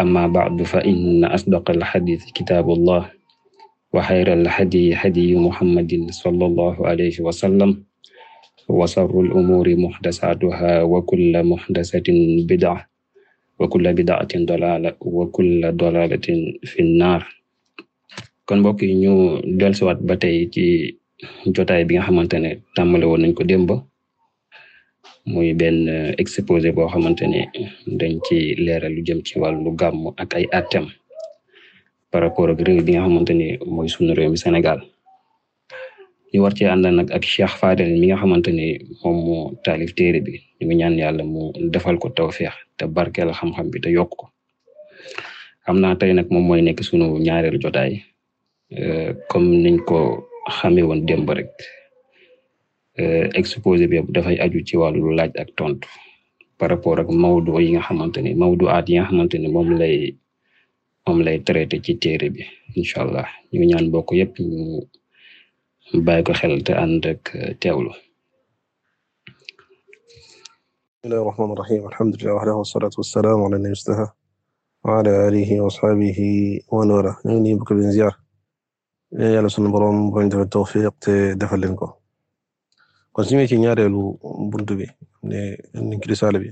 أما بعد فإن أصدق الحديث كتاب الله وخير الهدي هدي محمد صلى الله عليه وسلم وشر الأمور محدثاتها وكل محدثة بدعة وكل بدعة ضلالة وكل ضلالة في النار kon mbokk yi ñu dellusiwaat ba tey ci jotaay bi nga xamante ne tàmbale woon nañ ko démb moy benn euh, exposé boo xamante ne dañ ci leeral lu jëm ci wàllu gàmm ak ay atem par rapport ak réew bi nga xamante ne mooy sunu réew mi Sénégal ñu war cee ànd nag ak Cheikh Fadel mi nga xamante ne moom taalif téere bi ñu ngi ñaan yàlla mu defal ko tawféex te barkeel xam-xam bi te yokk ko xam naa tey nag moom mooy nekk sunu ñaareelu jotaay euh, comme niñ ko xamee woon démb rek. Euh, exposé bi yëpp dafay aju ci wàllu laaj ak tontu par rapport ak mawdu yi nga xamante ni mawdu aat yi nga xamante ni moom lay moom lay traité ci téere bi incha allah ñu ñaan bokk yëpp ñu bàyyi ko xel te ànd ak euh, teewlu bismillahi rahmaani rahim alhamdulilah wahdahu wassalatu wassalamu ala nabi mustafa wa ala alihi wa ashabihi wa nuura ñu ngi bokk leen ziar yàlla sunu borom bañ defal tawfiq te defal leen ko kon su ñu ci ñaareelu bunt bi ne niñ ci risaala bi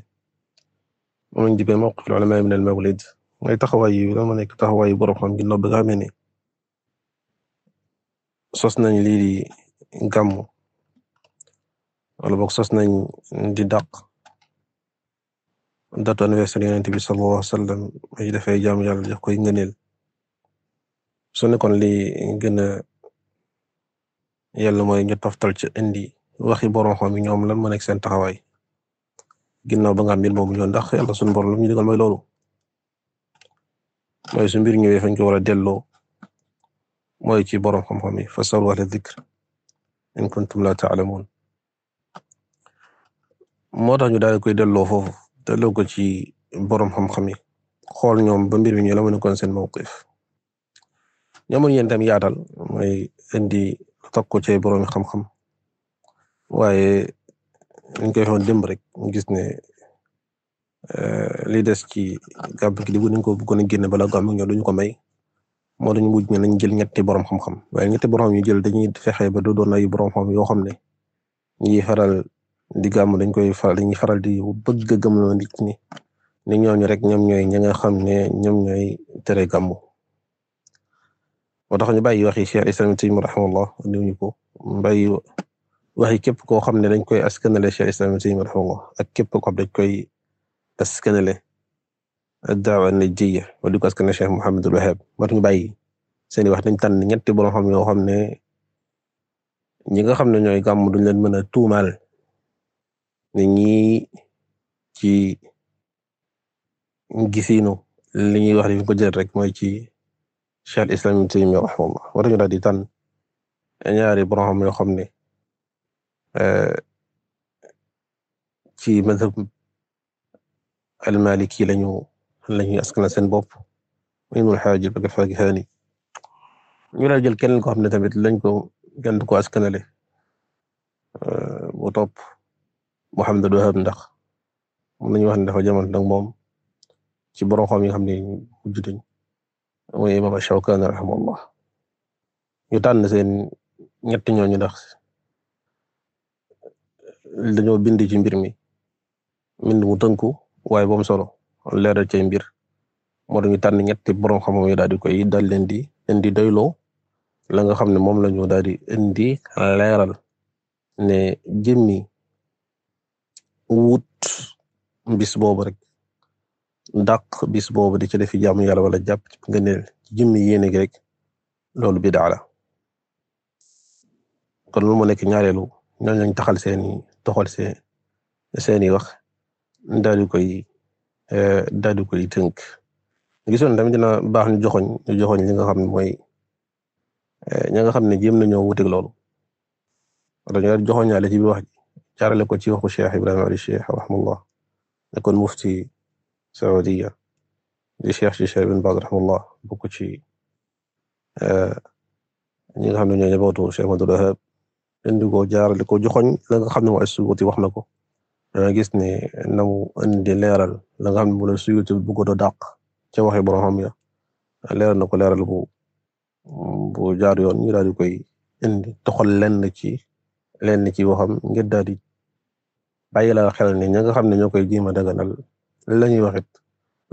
moom lañ jibee mawqif ulama min al mawlid mooy taxawaay yi lan ma nekk taxawaay yu borom xam ginnaaw bi sos nañ lii di gàmmu wala boog sos nañ di dàq date anniversaire yonent bi sallallahu alayhi wa sallam ay dafay jaam yàlla jox koy ngëneel su li gën a yàlla mooy ñu toftal ci indi waxi borom xam yi ñoom lan moo nekk seen taxawaay ginnaaw ba nga xam mbir moomu ñëw ndax yàlla sunu borom lu ñu digal mooy loolu mooy su mbir ñëwee fañ ko war a delloo mooy ci borom xam-xam yi fasalu ahla dhikr in kuntum la ta'lamun moo tax ñu daal koy delloo foofu delloo ko ci borom xam-xam yi xool ñoom ba mbir mi ñu la mën a kon seen mawqif ñoom ñeen tam yaatal mooy indi takku ce borom xam-xam. waaye dañ koy waxoon démb rek ñu gis ne eh, li des ci gàmmu gi bu nañ ko bëggoon a génne bala gàmmu ñoo duñu ko may moo dañu mujj ne nañ jël ñetti borom xam-xam waaye ñetti borom ñu jël dañuy fexe ba du doon ay borom xam yoo xam ne ñi faral di gàmm dañ koy faral dañuy faral di bëgg a gëmloo nit ñi ñooñu rek ñoom ñooy ña xam ne ñoom ñooy tere gàmmu moo tax ñu bàyyi waxi Cheikh Islam Taymiyya rahimahullah ñu ko bàyyi waxi képp koo xam ne dañ koy askanale Cheikh Islam Ibn Taymiyya rahimahullah ak képp koo xam dañ koy askanale ad-da'wa an-najiyya wala di ko askanale Cheikh Muhammadul Wahhab war ñu bàyyi seeni wax dañ tànn ñetti borom xam yoo xam ne ñi nga xam ne ñooy gàmm duñ leen mën a tuumaal ne ñii ci gisinu li ñuy wax dañ ko jël rek mooy ci Cheikh Islam Ibn Taymiyya rahimahullah war ñu daal di tànn ñaari borom xam yoo xam ne Euh, ci madhab al-Maliki lañu lañuy askanal seen bopp Ibnul Hajib ak Fakihani ñu la jël keneen koo xam ne tamit lañ ko gën ko askanale euh, bu topp Muhammad Wahab ndax mën nañu wax ne dafa jamono ndax moom ci borom xam yi xam ne mujj nañ mooy Imam Shawkani rahimahullah ñu tànn seen ñett ñooñu ndax dañoo bind ci mbir mi mbind mu tënku waaye bom solo leeral ce mbir moo dañu tànn ñett borom xam-xam yi daal di koy dal leen di leen di doyloo la nga xam ne moom la ñu daal di indi leeral ne jëmmi wut bis boobu rek dàq bis boobu di ci defi jaamu yàlla wala jàpp nga ne jëmmi yéene gi rek loolu bi daala kon lu mu nekk ñaareelu ñooñu lañ toxol se seeni wax daal di koy euh, daal di koy tënk gisoon tamit dina baax ñu joxoñ ñu joxoñ li nga xam ne mooy euh, ña nga xam ne jéem nañoo wuteeg loolu wala ñu daal joxoñaale ci wax ji jaarale ko ci waxu Cheikh Ibrahima Ali Cheikh rahimahullah nekkoon mufti Saudiya di Cheikh ci Cheikh bin Baz rahimahullah ci euh, ñi nga xam ne ñoo ñëbootu Cheikh Abdul Wahab indi ko jaarale ko joxoñ la nga xam ne mooy suyuti wax na ko danga gis ne na mu indi leeral la nga xam ne mooy suyuti bu ko doon dàq ca waxi borom xam ya leeral na ko leeral bu bu jaar yoon ñu daal di koy toxal lenn ci lenn ci waxam ngir daal di bàyyi la xel ña nga xam ne ñoo koy jéem a daganal la ñuy wax it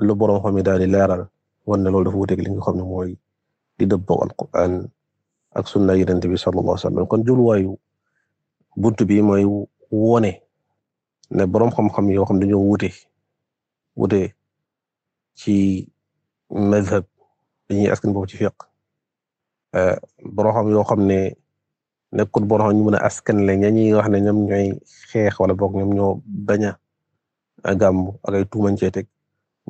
lu borom xam yi daal di leeral wan ne loolu dafa wuteeg li nga xam ne mooy di dëppoo Alquran ak sunna yonent bi sallallahu alayhi wa sallam kon juluwaayu buntu bi mooy wone ne boroom xam-xam yoo xam dañoo wute wute ci madhab dañuy askan boobu ci e boroom xam yoo xam ne nekkul boroom xam ñu mën a askan le ña ñuy wax ne ñoom ñooy xeex wala bok ñoom ñoo bañ a gàmb a ay tuumañ cee teg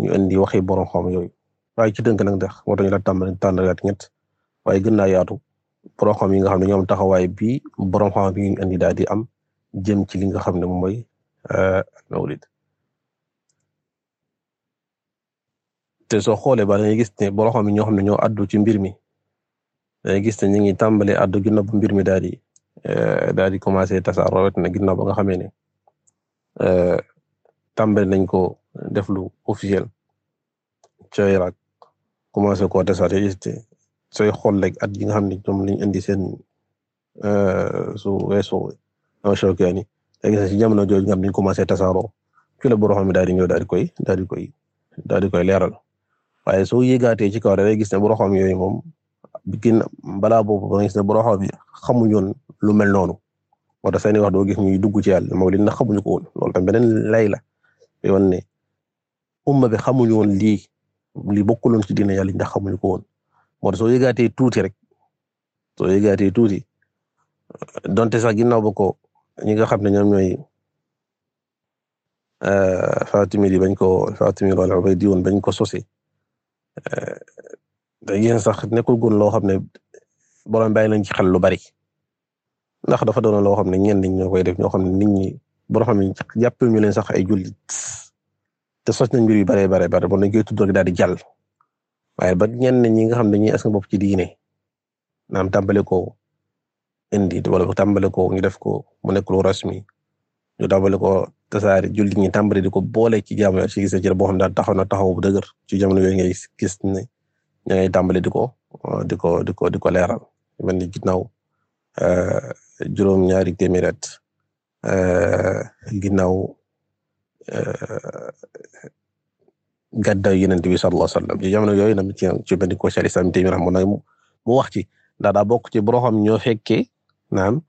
ñu indi waxi boroom xam yooyu waaye ci dënk nag ndax moo ñu la tàmbali tàndalaat ñett waaye gën naa yaatu borom xam yi ga xam ne ñoom taxawaay bi borom xam bi ñu indi daal di am jëm ci li nga xam ne moom mooy euh, mawlid te soo xoolee ba dañuy gis ne borom xam yi ñoo xam ne ñoo addu ci mbir mi dañuy gis ne ñu ngi tàmbale addu na bu mbir mi daal di euh, daal di commencé tasaaroo wet na ginnaaw ba nga xamee ne euh, tàmbale nañ ko def lu officiel ca Irak commencé koo tasaare sooy xool rek at yi nga xam ne ñoom lañ indi seen euh, su weesu Shawkaani da ngay gis si jamono jooju nga ne dañ commencé tasaaroo ci la borom xam ne daal di ñëw daal di koy daal di koy daal di koy leeral waaye soo yëgaatee ci kaw da gis ne borom yooyu moom gin balaa boobu da gis ne borom bi xamuñu woon lu mel noonu moo tax seen wax doo gis ñuy dugg ci yàlla moom li na xamuñu ko woon loolu tam beneen lay la yoon ne umma bi xamuñu lii li bokkuloon ci diine yàlla ndax xamuñu ko woon moo tax soo yëgaatee tuuti rek soo yëgaatee tuuti donte sax ginnaaw ba ko ñi nga xam ne ñoom ñooy euh, Fatimi di bañ ko Fatimi wala Ubaydi woon bañ ko sose euh, da ngeen sax nekkul loo xam ne borom bàyyi nañ ci xel lu bari ndax dafa doon loo xam ne ñenn ñi ñoo koy def ñoo xam ne nit ñi borom xam ne jàppee ñu leen sax ay jullit te sos nañ mbir yu baree baree bare bon dañ koy tudd rek daal di jàll. waaye ba ñenn ñi nga xam ne dañuy askan bopp ci diine naam tàmbale ko indi wala tàmbale ko ñu def ko mu nekk lu rasmi ñu tàmbale ko tasaare jullit ñi tàmbale di ko boole ci jaamu ci gis ci boo xam daal taxaw na taxaw bu dëgër ci jamono yooyu ngay gis ne ña ngay tàmbale di ko di ko di ko di ko leeral mel ni ginnaaw eh, juróom-ñaari eh, ginnaaw eh, gàddaay Yonent bi sallallahu alayhi wa sallam ci yooyu nag ci ci benn ko Cheikh Islam Taymiyya rahimahullah mu wax ci ndax daa bokk ci boroxam ñoo fekkee naam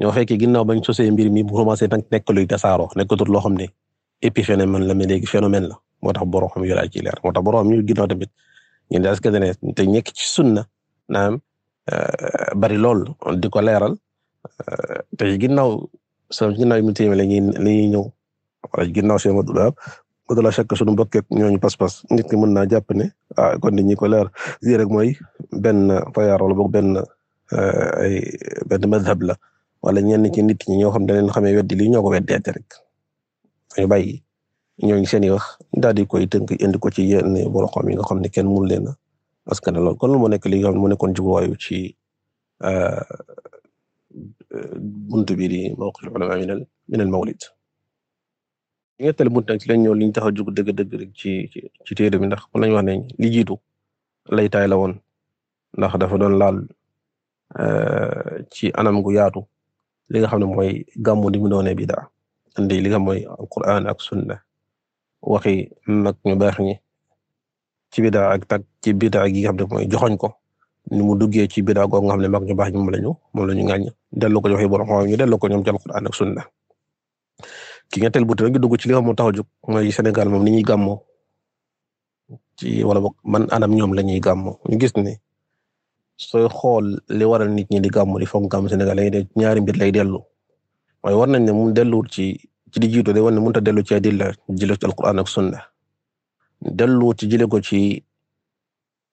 ñoo ginnaaw bañ sosee mbir mi bu commencé nag nekk luy tasaaroo nekkatul loo xam ne épiphénomène la mais léegi phénomène la moo tax boroxam yu laaj ci leer moo tax boroxam ñu ginnaaw tamit ñun daal askan ne te nekk ci sunna naam euh, bari lool di ko leeral euh, te ginnaaw soo ginnaaw yi mu téeméer la ñuy la ñuy ñëw wala ginnaaw si ma wala chaque sunu mbokk ak ñooñu pas-pas nit ki mën naa jàpp ne ah, kon nit ñi ko leer lii rek mooy benn fayaar wala boog benn eh, ay benn madhab la wala ñenn ci nit ñi ñoo xam ne dañu xamee weddi lii ñoo ko weddeete rek ñu bàyyi ñooñu seen i wax daal di koy tënk indi ko ci yenn borom xam yi nga xam ne kenn mënu leen a parce que loolu kon lu nekk li nga xam ne mu nekkoon jubluwaayu ci eh, eh, buntu bi di mawqif ulama min al ñetteelu bunt nag ci lañ ñëw li ñu tax a jug dëgg-dëgg rek ci ci téere bi ndax mën nañu wax ne li jiitu laytaay la woon ndax dafa doon laal euh, ci anam gu yaatu li nga xam ne mooy gàmmu di mu doone bida andi li nga xam mooy alquran ak sunna waxi mag ñu baax ñi ci bida ak tak ci bida gi nga xam ne mooy joxoñ ko ni mu duggee ci bida googu nga xam ne mag ñu baax ñi moom lañu moom lañu ngàññ dellu ko joxe borom xam ñu dellu ko ñoom ci alquran ak na ki ñetteel buté nag dugg ci li nga xam moo tax a jóg mooy moom ni ñuy gàmmoo man anam ñoom la ñuy gàmmoo ñu gis ne sooy xool li waral nit ñi di gàmmu di senegal gàmmu Sénégal ñaari mbir lay dellu waaye war nañ ne mu delluwul ci ci di jiitu day war ne mënut a dellu ci adilla jëlee ci alquran ak sunna delluwul ci jëlee ko ci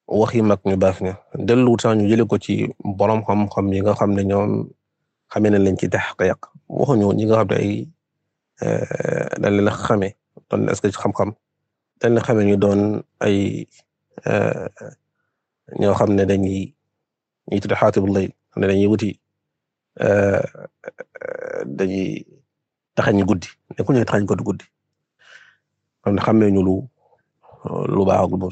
waxi mag ñu baax ña delluwul sax ñu jëlee ko ci borom xam-xam yi nga xam ne ñoom xamee nañ leen ci taxqiq waxuñu ñi nga xam ne Euh, dañ leen a xamee doon est-ce xam-xam dañ leen xamee ñu doon ay euh, ñoo xam ne dañuy ñuy tudd xaatibul layl ne dañuy wuti euh, dañuy taxañ guddi ne ku ñuy taxañ ko guddi kon xamee ñu lu lu baaxul bu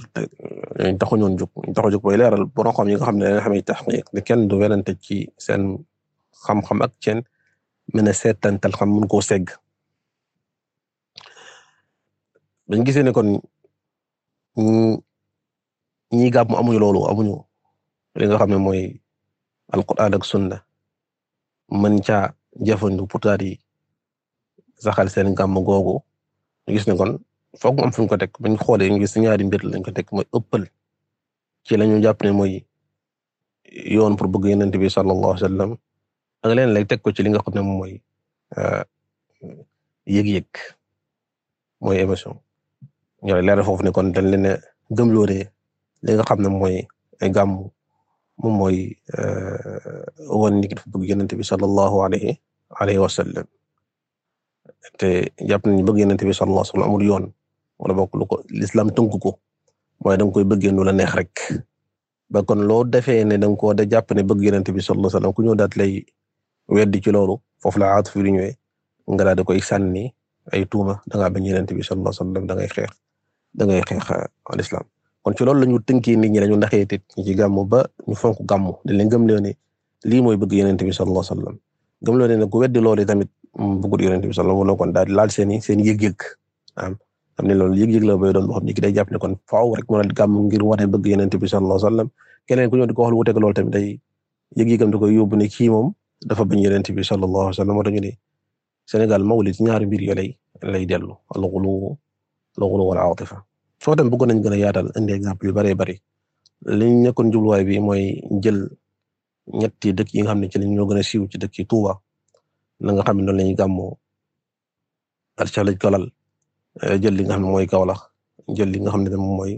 ñu taxu ñoon jóg ñu taxu jóg booy leeral borom xam yi nga xam ne dañuy xamee taxqiq ne kenn du werante ci seen xam-xam ak seen mën a seetantal xam mun koo segg dañ gisee ne kon ñi gàmm amuñu loolu amuñu li nga xam ne mooy alquran ak sunna mën caa jëfandu pour daal di saxal seen gàmm googu ñu gis ne kon foog mu am fu ko teg bañ xoolee ñu gis ñaari mbir lañ ko teg mooy ëppal ci la ñu mooy yoon pour bëgg yonent bi sallallahu alayhi wa sallam ak leen lay teg ko ci li nga xam ne moom mooy euh, yëg-yëg mooy émission ñoo leeral foofu ne kon dañ leen a gëmloo ne li nga xam ne mooy gàmmu moom mooy euh, woon nit ki dafa bëgg yonent bi sallallahu alayhi alayhi wa sallam te jàpp nañu bëgg yonent bi sallallahu wa sallam yoon wala bokk ko l'islam tënku ko mooy danga koy bëggee nu la neex rek ba kon loo defee ne danga ko da jàpp ne bëgg yonent bi sallallahu alayhi wa sallam ku ñëw daat lay weddi ci loolu foofu la aatu fi di nga daal di koy sànni ay tuuma da ngaa bañ yonent bi sallallahu alayhi wa da ngay xeex da ngay xeex al islam kon ci loolu la ñu tënkee nit ñi dañu ndaxee tit ñi ci gàmmu ba ñu fonk gàmmu dañ leen gëm loo ne lii mooy bëgg yonent bi sallallahu alayhi wasallam gëm loo ne ne ku weddi loolu tamit bëggul yonent bi sallallahu alayhi kon daal laal seen i seen yëg-yëg am xam ne loolu yëg-yëg la bay doon boo xam ne ki day jàpp ne kon faaw rek mu ne gàmmu ngir wane bëgg yonent bi sallallahu alayhi wasallam keneen ku ñëw di ko waxal wuteeg tamit day yëg-yëgam da koy yóbbu ne kii moom dafa bañ yonent bi sallallahu alayhi wasallam moo tax ñu ne Sénégal mawlid ñaari mbir yo lay lay dellu al loolu wala aatifa soo dem bëggoon nañ gën a yaatal indi exemple yu bëree bëri liñ nekkoon jubluwaay bi mooy jël ñetti dëkk yi nga xam ne ci lañ ñoo gën a siiw ci dëkk yi Touba na nga xam ne noonu la ñuy gàmmoo arca lañ ko eh, jël li nga xam ne mooy Kaolack jël li nga xam ne tam mooy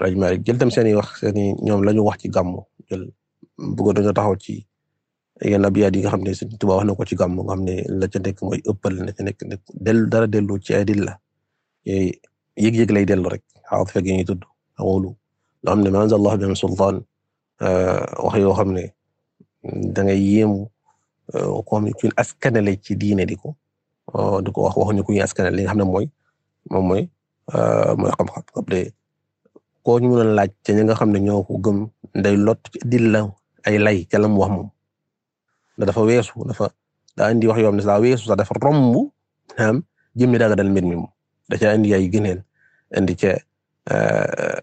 rajo Malick jël tam seen i wax seen i ñoom la ñu wax ci gàmmu jël bëggoon nañu taxaw ci yenn nga xam ne Sëriñ Tuubaa wax na ko ci gàmmu nga xam ne la ca nekk mooy ëppal la ca nekk dellu dara dellu ci ay dil la Eh, yëg-yëg lay dellu rek xaatifa gi ñuy tudd xawlu loo xam ne ma anzala Allahu bihi sultaan eh, wax yoo xam ne da ngay yéemu eh, koo xam ne kuñ ci diine di ko di ko wax waxuñu kuñ askanale li nga xam ne mooy moom mooy mooy xam-xam de ñu mën a laaj te ñi nga xam ne ñoo ko gëm day lot ci dil ay lay ca mu wax moom da dafa weesu dafa daa indi wax yoo xam ne daa weesu sax dafa romb am jëm dal mbir mi moom da ca indi ay gëneel indi ca eh,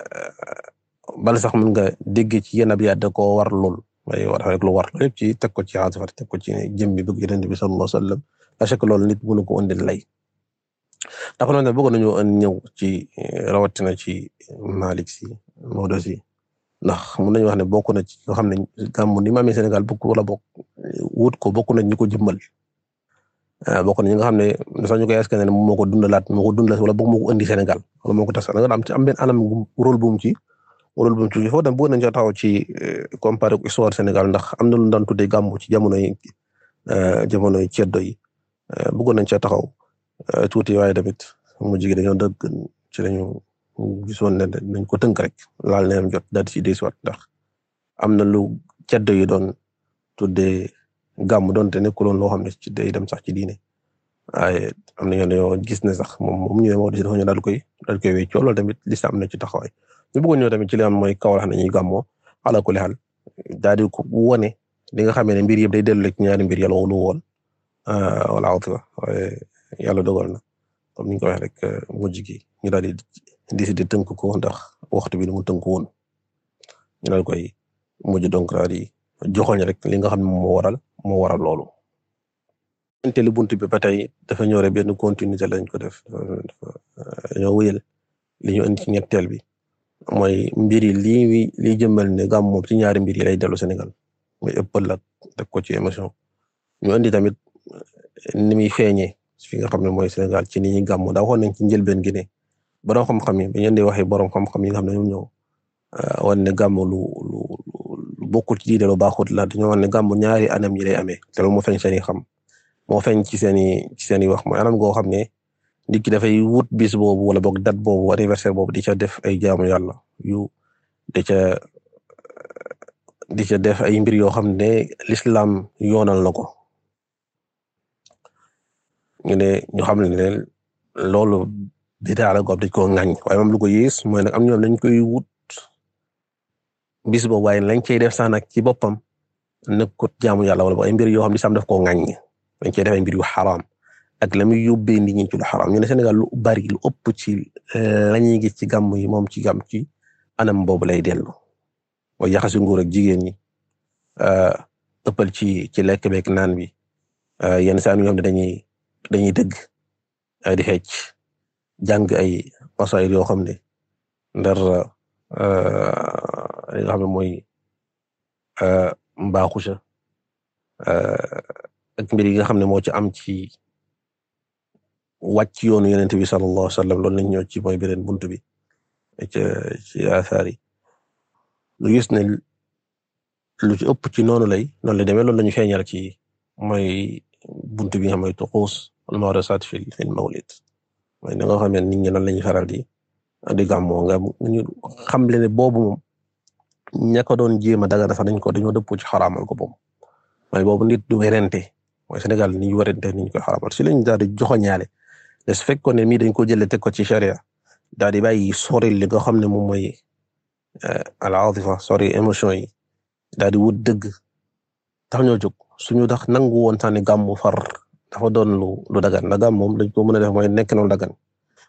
bal sax mën nga dégg ci yenn ab yaat da koo war lool waaye war rek lu war lool yëpp ci teg ko ci xaasifar teg ko ci jëmmi bëgg yonent bi sallallahu alayhi wasallam la chek loolu nit mënu ko indil lay dafa noonu bëgg nañu ñëw ci eh, rawatina ci Malik si Maodo ndax mun nañu wax ne bokk na ci ñoo xam ne gàmmu ni ma amee Sénégal bokk wala bokk wut ko bokk nañ ñu ko jëmmal Euh, bokk na ñi nga xam ne sax ñu koy askan ne moo ko dundalaat moo ko dundalaat wala boog moo ko indi Sénégal wala moo ko tas da nga am ci am benn anam rôle bu mu ci rôle bu mu ci foofu tam bëgg nañ ca taxaw ci euh, comparé ko histoire Sénégal ndax am na lu daan tuddee gàmmu ci jamonoy euh, jamonoy ceddo yi bëggoon nañ ca taxaw tuuti waaye tamit mujj gi dañoo dëgg ci lañu gisoon ne dañ ko tënk rek laal na jot daal di ci des waat ndax am na lu ceddo yi doon gàmm donte nekkuloon loo xam ne ci day dem sax ci diine waaye am na ñoo gis ne sax moom moom ñu ne moo daal koy daal koy wéccoo loolu tamit lislaam am na ci taxawaay ñu bëggoon ñëw tamit ci li am mooy kaw la xam ne ñuy gàmmoo ala kulli xaal daal ko wone li nga xamee ne mbir yëpp day dellu rek ñaari mbir yàlla wolu woon ah, wala awtuwa waaye yàlla dogal na comme ni ñu ko waxee rek mujj gi ñu daal di décider tënk ko ndax waxtu bi ni tënk woon daal koy mujj donc daal joxal rek li nga xam ne moo waral moo waral loolu. te li buntu bi ba tey dafa ñëw rek benn continuité lañ ko def euh, ñoo wéyal li ñu indi ci ñetteel bi mooy mbir yi lii lii jëmmal ne gàmm moom ci ñaari mbir yi lay dellu Sénégal muy ëppal ak teg ko ci émission ñu indi tamit euh, ni muy feeñee fi nga xam ne mooy Sénégal ci ni ñuy gàmm daa waxoon nañ ci njëlbeen gi ne borom xam-xam yi ba ñu indi waxee borom xam-xam yi xam ne ñoom ñëw euh, wan ne gàmm lu lu. bokkul ci diine lu baaxut la dañoo wax ne gàmmu ñaari anam ñi lay amee te loolu moo feeñ seen xam moo feeñ ci seen seen i wax mooy anam goo xam ne nit ki dafay wut bis boobu wala boog date boobu anniversaire boobu di ca def ay jaamu yàlla yu di di ca def ay mbir yoo xam ne l'islam yoonal na ko ñu ne ñu xam ne loolu bidaa la goob dañ koo ŋañ waaye moom lu ko yées mooy nag wut. bis boobu waaye lañ cey def sax nag ci boppam nekkut jaamu yàlla wala ay mbir yoo xam ne sam daf koo ŋaññi lañ cey def ay mbir yu xaraam ak la muy yóbbee nit ñi ci lu ñu ne Sénégal lu bari lu ëpp ci eh, lañuy gis ci gàmm yi moom ci gàmm ci anam boobu lay dellu mooy yaxasi nguur ak jigéen ñi eh, ëppal ci ci lekk bek naan bi eh, yenn saa yoo xam ne dañuy dañuy dëgg di xeec jàng ay masaayil yoo xam ne ndar. li nga xam ne mooy mbaaxu sa ak mbir yi nga xam ne moo ci am ci wàcc yoonu yonent bi sallallahu alayhi wa sallam loolu lañ ñëw ci mooy beneen buntu bi ci ci asaar yi lu gis ne lu ci ëpp ci noonu la noonu lay demee loolu lañu feeñal ci mooy buntu bi nga xam ne tuquus al mawrasat fi al mawlid mooy na nga xam ne nit ñi noonu lañu faral di di gàmmoo nga ñu xamle ne boobu moom ña doon jéem a daga sax nañ ko dañoo dëppoo ci xaraamal ko boobu mooy boobu nit du werante mooy Sénégal ni ñu werante ni ñu koy xaraamal si lañ daal di joxoñaale de su fekkoon ne mii dañ ko jëlee teg ko ci charia daal di bàyyi sori li nga xam ne moom mooy euh, al aadifa sori émotion yi daal di wut dëgg tax ñoo jóg suñu dax nangu woon sax ne gàmmu far dafa doon lu lu dagan la gàmm moom dañ ko mën a nekk na lu dagan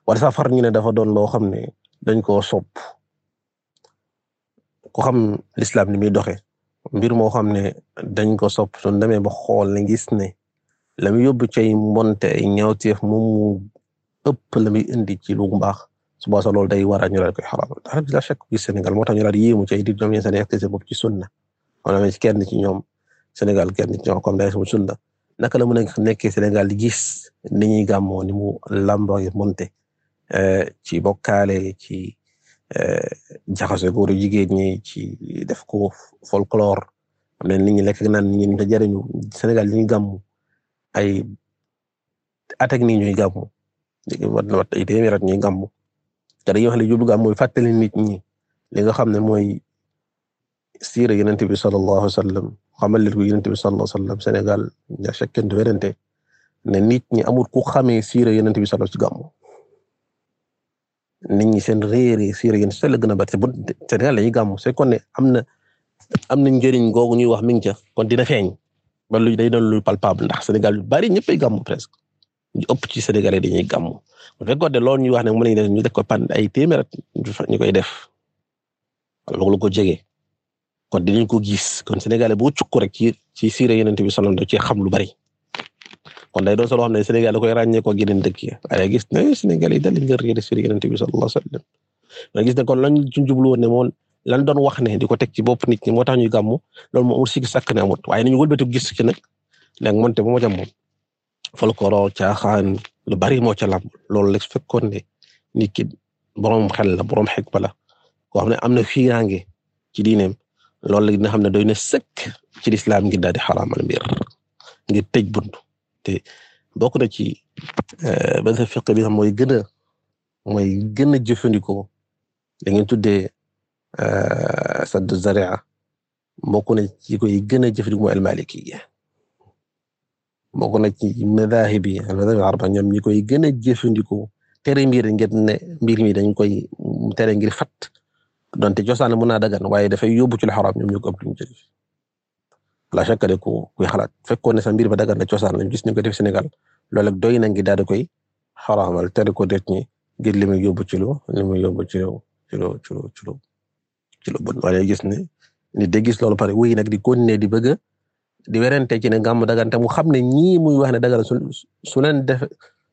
wala sax far ñu ne dafa doon loo xam ne dañ koo sopp ku xam lislaam ni muy doxe mbir moo xam ne dañ ko sopp suñ demee ba xool ne gis ne la muy yóbbu cay mbonte ay ñaawteef moom mu ëpp la muy indi ci lu mbaax suba sa day wara a ñu daal koy xaraam dara bi la chèque bi Sénégal moo tax ñu daal ci sunna on amee ci ñoom Sénégal kenn ci ñoom comme day sama sunna naka la mën a nekkee Sénégal di gis ni ñuy gàmmoo ni mu làmboo monte Eh, ci bokkaale ci eh, jaxase góor jigeen ñi ci def ko folklore am na nit ñi lekk naan nit da jariñu Sénégal ñu ngi gàmmu ay at ak nii ñuy gàmmu wat na wat ay téeméer at ñuy te dañuy wax ne jublu gàmmu fàttali nit ñi li nga xam ne mooy siira yonent bi sallallahu alayhi wa sallam xamal leen ko bi sallallahu alayhi wa sallam Sénégal ña chaque kenn du werante ne nit ñi amul ku xamee siira yonent bi sallallahu ci gàmmu nit ñi seen réer si réer si la gën a bari bu Sénégal la ñuy gàmm su fekkoon ne am na am na njëriñ googu ñuy wax mi ngi ca kon dina feeñ ba lu day doon lu palpable ndax Sénégal yu bari ñëppay gàmm presque ñu ëpp ci Sénégalais dañuy gàmm bu fekkoon ne loolu ñuy wax ne mën nañu def ñu def ko pan ay téeméer ñu koy def wala lu ko jege kon dinañ ko gis kon Sénégalais bo cukku rek ci ci siira Yonent bi sallallahu alayhi ci xam lu bari kon day doon solo xam ne Sénégal da koy ràññee ko geneen dëkk yi waaye gis na Sénégal yi dalil ngir yéene sunu Yonent bi sallallahu alayhi wasallam nga gis ne kon lañ ci jublu woon ne moom lan doon wax ne di ko teg ci bopp nit ñi moo tax ñuy gàmmu loolu moo amul sikki sàkk ne amut waaye nañu wëlbatu gis ci nag léegi moonte bu ma jàmm moom folklore caaxaan lu bari moo ca lam loolu la fekkoon ne nit ki borom xel la borom xikma la koo xam ne am na nge ci diineem loolu la dina xam ne doy na sëkk ci lislaam ngir daal di xaraamal mbir ngir tej bunt te bokk na ci euh, benn fiq bi xam mooy gën a mooy gën a jëfandikoo da ngeen tuddee euh, saddu zaria na ci koy gën a jëfandikoo mooy almalikiya bokk na ci madahib yi almadahib arba ñoom ñi koy gën a jëfandikoo tere mbir ngir ne mbir mi dañ koy tere ngir fat donte cosaan mën naa dagan waaye dafay yóbbu ci lu xaraam ñoom ñu ko ëpp luñ la chaque de ku kuy xalaat fekkoon ne sa mbir ba dagan na cosaan lañ gis ñu ko def Sénégal loolu ak doy na ngi daal di koy xaraamal tere ko det ñi ngir li muy yóbbu ci lu li muy yóbbu ci lu ci lu ci lu ci lu gis ne ni de gis loolu pare wuy nag di continuer di bëgg di werante ci ne gàmm dagan te mu xam ne ñii muy wax ne dagan su su leen def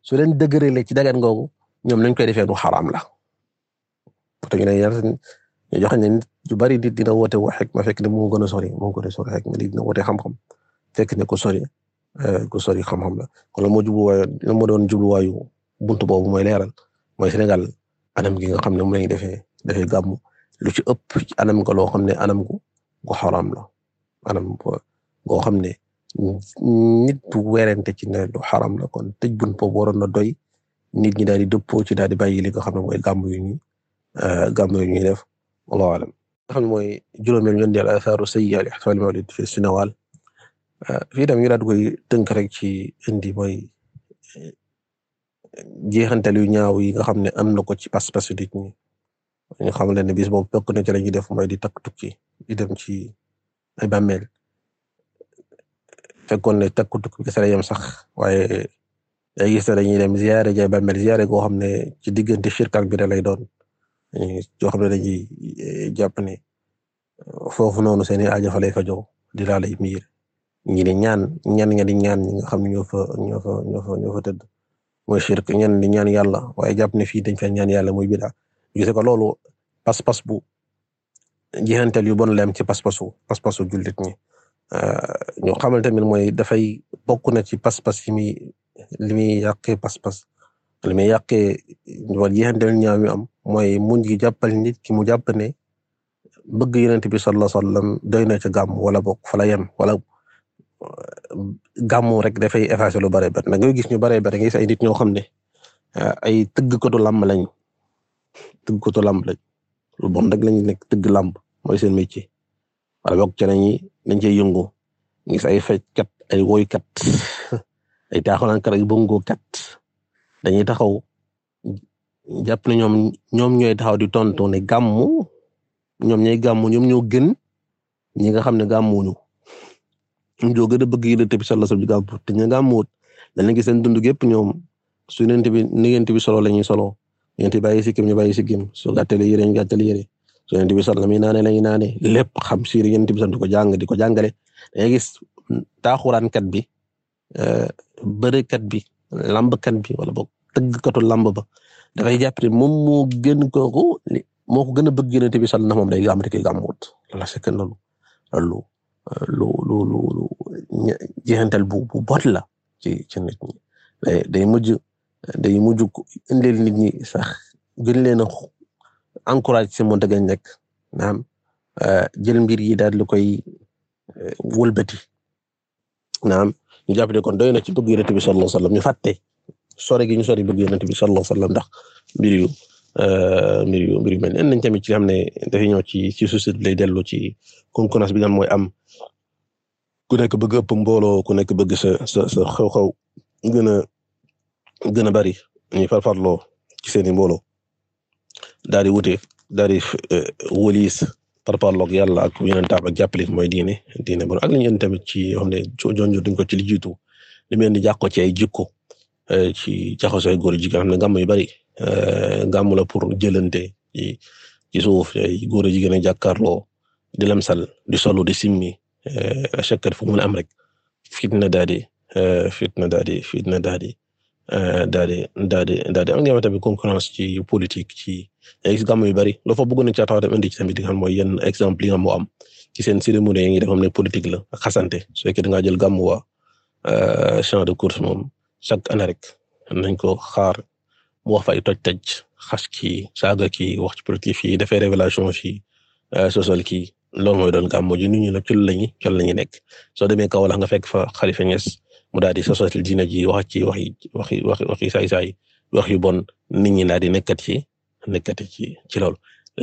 su leen dëgërale ci dagan googu ñoom nañ koy defee nu xaraam la. ñu joxe ne nit yu bari nit dina woote wu xikma fekk ne moo gën a sori moo gën a sori xikma nit dina woote xam-xam fekk ne ko sori euh, ko sori xam-xam la kon moo jubluwaayu moo doon jubluwaayu buntu boobu mooy leeral mooy Sénégal anam gi nga xam ne mu lañu defee defee gàmmu lu ci ëpp anam ko loo xam ne anam gu gu xaraam la anam goo xam ne nit bu werante ci ne lu la kon tëj bunt boobu waroon na doy nit ñi daal di dëppoo ci daal di bàyyi li nga xam ne mooy gàmmu yu ñuy euh, gàmmu yu ñuy def. wala xam ne mooy juróomeel yondeel athaaru sayyi'a li ihsaanil mawlid fi Senegaal fii tam ñu daal koy tënk rek ci indi mooy jeexantal yu ñaaw yi nga xam ne am na ko ci pas-pasu nit ñi ñu xam leen ne bis moom bokk na ci la ñuy def mooy di takk tukki di ci ay bàmmeel fekkoon ne takk tukki kese la sax waaye ay gis ne dañuy dem ziyaare ja bàmmeel ziyaare goo xam ne ci diggante shirk ak bi da lay doon Eh, yoo xam ne dañuy eh, jàpp ne eh, foofu noonu seen i aajo fa lay fajoo di laa lay miir ñi di ñaan ñan nga di ñaan ñi nga xam ne ñoo fa ñoo fa ñoo fa ñoo fa tëdd mooy shirk ñan di ñaan yàlla waaye jàpp ne fii dañ fa ñaan yàlla muy bida gis ko loolu pas-pas bu jeexantal yu bon lem ci pas-pasu pas-pasu jullit ñi ñu xamal tamit mooy dafay bokk na ci pas-pas yi muy li muy yàqee pas-pas li muy yàqee wala jeexanteel ñaaw mi am mooy mu gi jàppal nit ki mu jàpp ne bëgg yonent bi sallallahu alayhi wasallam doy na ca gàmm wala bok fala la yem wala gàmmu rek dafay effacer lu bare bare nag ngay gis ñu bare bare ngay gis ay nit ñoo xam ne ah, ay tëggkatu làmb lañu tëggkatu làmb lañ lu bon rek lañu nekk tëgg làmb mooy seen métier wala bokk ci lañuy dañ cey yëngu gis ay feckat ay woykat ay taaxalaankat ay bongo dañuy taxaw jàpp ne ñoom ñoom ñooy taxaw di tontu ne gàmmu ñoom ñooy gàmmu ñoom ñoo gën ñi nga xam ne gàmmuñu ñoom ñoo gën a bëgg yonent bi sallallahu alayhi wasallam gàmmu te ñu gàmmuwut dañu gis seen dund gépp ñoom su yonent bi ni yonent bi solo la ñuy solo yonent bi bàyyi sikkim ñu bàyyi sikkim su gàttale yére ñu gàttale yére su bi sallallahu alayhi wasallam naane la naane lépp xam si yonent bi di ko jàng di ko jàngale dañuy gis taaxuraankat bi euh, bërekat bi. lambkat bi wala boog tëggkatu lamb ba dafay jàpp ne moom moo gën kooku moo ko gën a bëgg bi sallallahu alayhi day gàmm te ki gàmmuwut la c'est que loolu loolu loolu loolu jeexantal bu bu la ci day day mujj day mujj indil nit ñi sax gën leen a encouragé ci moom dëgg nekk naam euh, jël mbir yi daal di koy euh, wëlbati naam. ñu jàpp kon doy na ci bëgg yonent bi sallallahu alayhi wasallam ñu fàtte sori gi ñu sori bëgg yonent bi sallallahu alayhi wasallam ndax mbir yu euh, mbir yu mbir yu mel nañ tamit ci xam ne dafay ñëw ci ci société bi lay dellu ci concurrence bi nga mooy am ku nekk bëgg ëpp mbooloo ku nekk bëgg sa sa sa xew-xew gën a gën a bari ñuy farfarloo ci seeni mbooloo daal di wute daal di euh, wëliis tarparloog yàlla ak yonentam ak jàppale mooy diine diine bon ak li ñu tamit ci yoo xam ne jonjo duñ ko ci li jiitu li mel ci ay jikko eh, ci jaxasoo ay góor jigéen xam ne gàmm yu bari eh, gàmm la pour jëlante ci suuf ay góor jigéen ak jàkkaarloo di lamsal di solo di simmi eh, à chaque fois fu mu mën a am rek fitna daal di fitna daal di fitna daal di daal di daal di daal am nga tamit concurrence ci politique ci. ay gàmm yu bari loo fa bëggoon a caataaw dem indi ci tamit di nga xam mooy yenn exemple yi nga moo am ci seen cérémonie yi ngi def xam ne politique la ak ngaa jël gàmm waa euh, champ de course moom chaque année rek nañ ko xaar mu wax fa ay toj-toj xas kii saaga wax ci politique fii defee révélation fii euh, social kii loolu mooy doon gàmmu ji nit ñi la ci lañu ci lañu nekk soo demee kaw la nga fekk fa xalifa Niass mu daal di social diina ji wax ci wax yi wax yi wax yi saay saay wax yu bon nit ñi daal di nekkat ci nekkati ci ci lool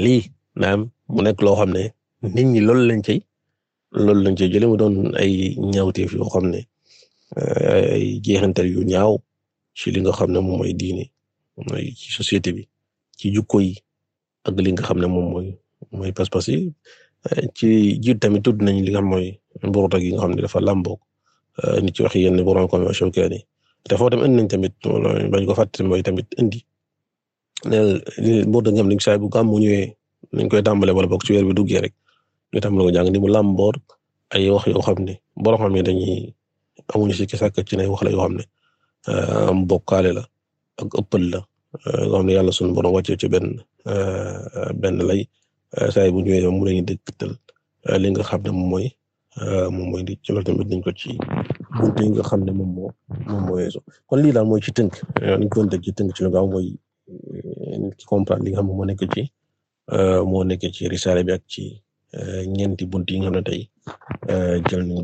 lii naam mu nekk loo xam ne nit ñi loolu lañ cay loolu lañ cay jëlee mu doon ay ñaawteef yoo xam ne eh, ay jeexantal yu ñaaw ci li nga xam ne moom mooy diine mooy ci société bi ci jukko yi ak li nga xam ne moom mooy mooy pas-pas yi eh, ci jiit tamit tudd nañ li nga xam mooy mbuurta gi nga xam ne dafa làmboog eh, nit ci wax yen borom comme Shawkaani te foo dem indi nañ tamit bañ ko fàtte mooy tamit indi. neel buur dañu xam ne saa bu gàmm mu ñëwee nañ koy tàmbale wala bokk ci weer bi duggee rek ñu tàmbale ko jàng mu làmboor ay wax yoo xam ne borom xam dañuy amuñu si kisàkk ci ne wax la yoo xam ne euh, am bokkaale la ak la euh, yàlla sunu borom wàcce ci benn euh, benn lay saa bu ñëwee mu lañu li nga xam ne moom mooy moom mooy di ci loolu ko ci bunte yi xam ne moom moo moo yeesu mooy ci tënk ni ñu ko ci tënk ci lu gaaw mooy nit ki comprendre li nga xam ne moo nekk ci euh, moo nekk ci risaale bi ak ci euh, ñeenti bunt yi nga xam ne tey euh, jël nañ